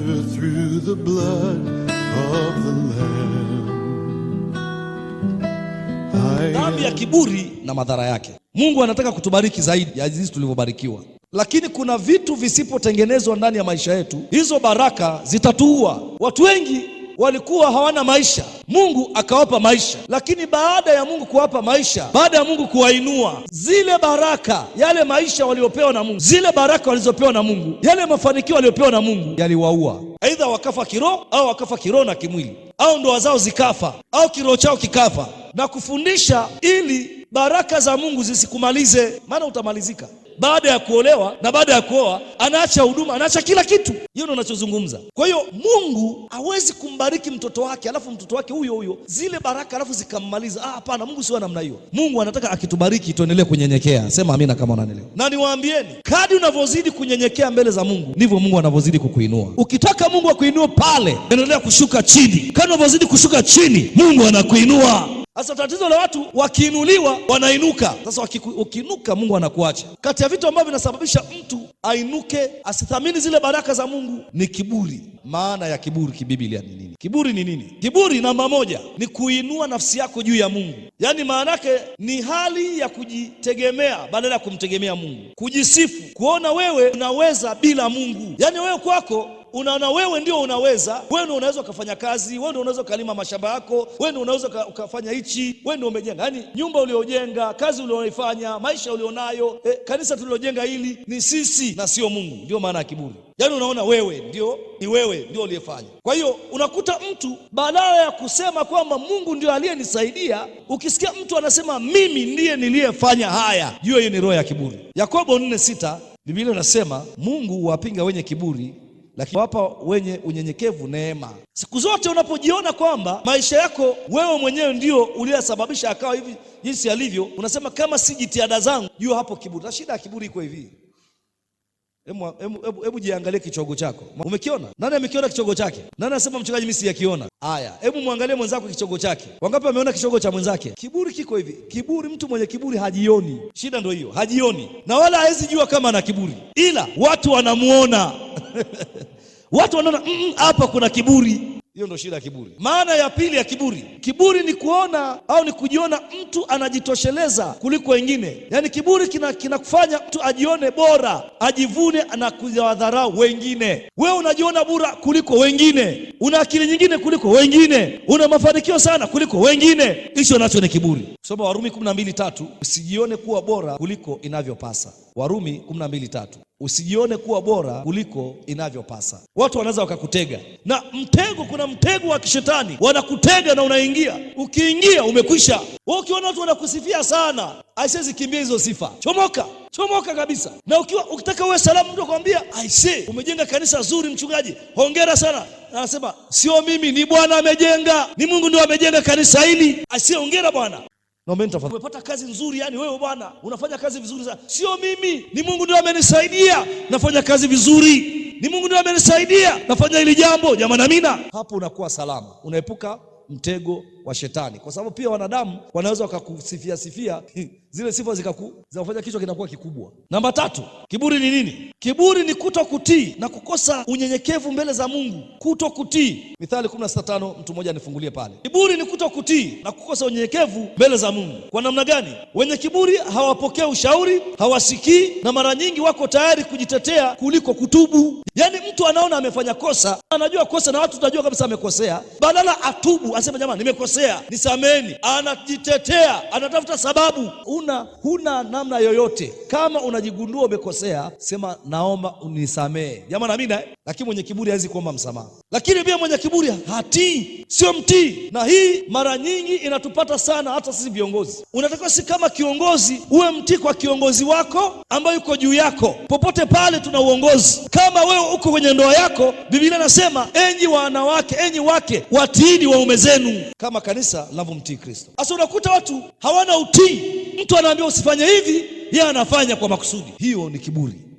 through the blood of the Lamb. Dhambi ya kiburi na madhara yake. Mungu anataka kutubariki zaidi ya jinsi tulivyobarikiwa, lakini kuna vitu visipotengenezwa ndani ya maisha yetu, hizo baraka zitatuua. Watu wengi walikuwa hawana maisha, Mungu akawapa maisha. Lakini baada ya Mungu kuwapa maisha, baada ya Mungu kuwainua, zile baraka, yale maisha waliopewa na Mungu, zile baraka walizopewa na Mungu, yale mafanikio waliopewa na Mungu yaliwaua. Aidha wakafa kiroho au wakafa kiroho na kimwili, au ndoa zao zikafa au kiroho chao kikafa, na kufundisha ili baraka za Mungu zisikumalize, maana utamalizika baada ya kuolewa na baada ya kuoa anaacha huduma, anaacha kila kitu. Hiyo ndio anachozungumza. Kwa hiyo Mungu hawezi kumbariki mtoto wake alafu mtoto wake huyo huyo zile baraka alafu zikammaliza. Ah, hapana, Mungu sio namna hiyo. Mungu anataka akitubariki tuendelee kunyenyekea. Sema amina kama unanielewa. Na niwaambieni, kadi unavyozidi kunyenyekea mbele za Mungu ndivyo Mungu anavyozidi kukuinua. Ukitaka Mungu akuinue pale, endelea kushuka chini. kadi unavyozidi kushuka chini, Mungu anakuinua. Sasa tatizo la watu wakiinuliwa wanainuka. Sasa ukiinuka, Mungu anakuacha. Kati ya vitu ambavyo vinasababisha mtu ainuke asithamini zile baraka za Mungu ni kiburi. Maana ya kiburi kibiblia ni nini? Kiburi ni nini? Kiburi namba moja ni kuinua nafsi yako juu ya Mungu, yaani maana yake ni hali ya kujitegemea badala ya kumtegemea Mungu, kujisifu, kuona wewe unaweza bila Mungu, yaani wewe kwako unaona wewe ndio unaweza, wewe ndio unaweza ukafanya kazi, wewe ndio unaweza ukalima mashamba yako, wewe ndio unaweza ukafanya hichi, wewe ndio umejenga, yaani nyumba uliojenga, kazi ulioifanya, maisha ulionayo, eh, kanisa tulilojenga hili ni sisi na sio Mungu. Ndio maana ya kiburi. Yaani unaona wewe ndio ni wewe ndio uliyefanya. Kwa hiyo unakuta mtu badala ya kusema kwamba Mungu ndio aliyenisaidia, ukisikia mtu anasema mimi ndiye niliyefanya haya, jua hiyo ni roho ya kiburi. Yakobo 4:6 Biblia inasema Mungu huwapinga wenye kiburi lakini wapa wenye unyenyekevu neema. Siku zote unapojiona kwamba maisha yako wewe mwenyewe ndio uliyasababisha akawa hivi jinsi alivyo, unasema kama si jitihada zangu. Jua hapo kiburi na shida ya kiburi iko hivi. Hebu jiangalie kichogo chako, umekiona? Nani amekiona kichogo chake? Nani anasema mchungaji, mimi sijakiona? Haya, hebu mwangalie mwenzako kichogo chake. Wangapi wameona kichogo cha mwenzake? Kiburi kiko hivi. Kiburi, mtu mwenye kiburi hajioni. Shida ndio hiyo, hajioni na wala hawezi jua kama ana kiburi, ila watu wanamuona watu wanaona mm, mm, hapa kuna kiburi. Hiyo ndio shida ya kiburi. Maana ya pili ya kiburi, kiburi ni kuona au ni kujiona mtu anajitosheleza kuliko wengine. Yaani kiburi kinakufanya kina mtu ajione bora, ajivune na kuwadharau wengine. Wewe unajiona bora kuliko wengine, una akili nyingine kuliko wengine, una mafanikio sana kuliko wengine. Hicho nacho ni kiburi. Soma Warumi 12:3, usijione kuwa bora kuliko inavyopasa. Warumi 12:3. Usijione kuwa bora kuliko inavyopasa. Watu wanaweza wakakutega, na mtego, kuna mtego wa kishetani, wanakutega na unaingia. Ukiingia umekwisha. Wewe ukiona watu wanakusifia sana, aisee, kimbia hizo sifa, chomoka chomoka kabisa. Na ukiwa ukitaka uwe salamu, mtu akwambia aisee, umejenga kanisa zuri mchungaji, hongera sana, anasema sio mimi, ni Bwana amejenga, ni Mungu ndio amejenga kanisa hili. Aisee, hongera bwana, Naomba umepata kazi nzuri, yani wewe bwana unafanya kazi vizuri sana. Sio mimi, ni Mungu ndiye amenisaidia nafanya kazi vizuri, ni Mungu ndiye amenisaidia nafanya hili jambo, jamani, amina. Hapo unakuwa salama, unaepuka mtego wa shetani, kwa sababu pia wanadamu wanaweza wakakusifia sifia zile sifa zikaku zinafanya kichwa kinakuwa kikubwa. Namba tatu, kiburi ni nini? Kiburi ni kuto kutii na kukosa unyenyekevu mbele za Mungu, kuto kutii. Mithali 16:5 mtu mmoja anifungulie pale. Kiburi ni kuto kutii na kukosa unyenyekevu mbele za Mungu. Kwa namna gani? Wenye kiburi hawapokei ushauri, hawasikii na mara nyingi wako tayari kujitetea kuliko kutubu. Yaani mtu anaona amefanya kosa, anajua kosa na watu tunajua kabisa amekosea, badala atubu asema jamani, nimekosea nisameni, anajitetea, anatafuta sababu. Una huna namna yoyote. Kama unajigundua umekosea, sema naomba unisamee, jamani, amina. Eh? Lakini mwenye kiburi hawezi kuomba msamaha, lakini pia mwenye kiburi hatii, sio mtii. Na hii mara nyingi inatupata sana, hata sisi viongozi. Unatakiwa si kama kiongozi uwe mtii kwa kiongozi wako ambaye yuko juu yako, popote pale tuna uongozi. Kama wewe uko kwenye ndoa yako, Biblia inasema enyi wanawake, enyi wake, watiini waume zenu kama kanisa linavyomtii Kristo. Sasa unakuta watu hawana utii, mtu anaambia usifanye hivi, yeye anafanya kwa makusudi. Hiyo ni kiburi.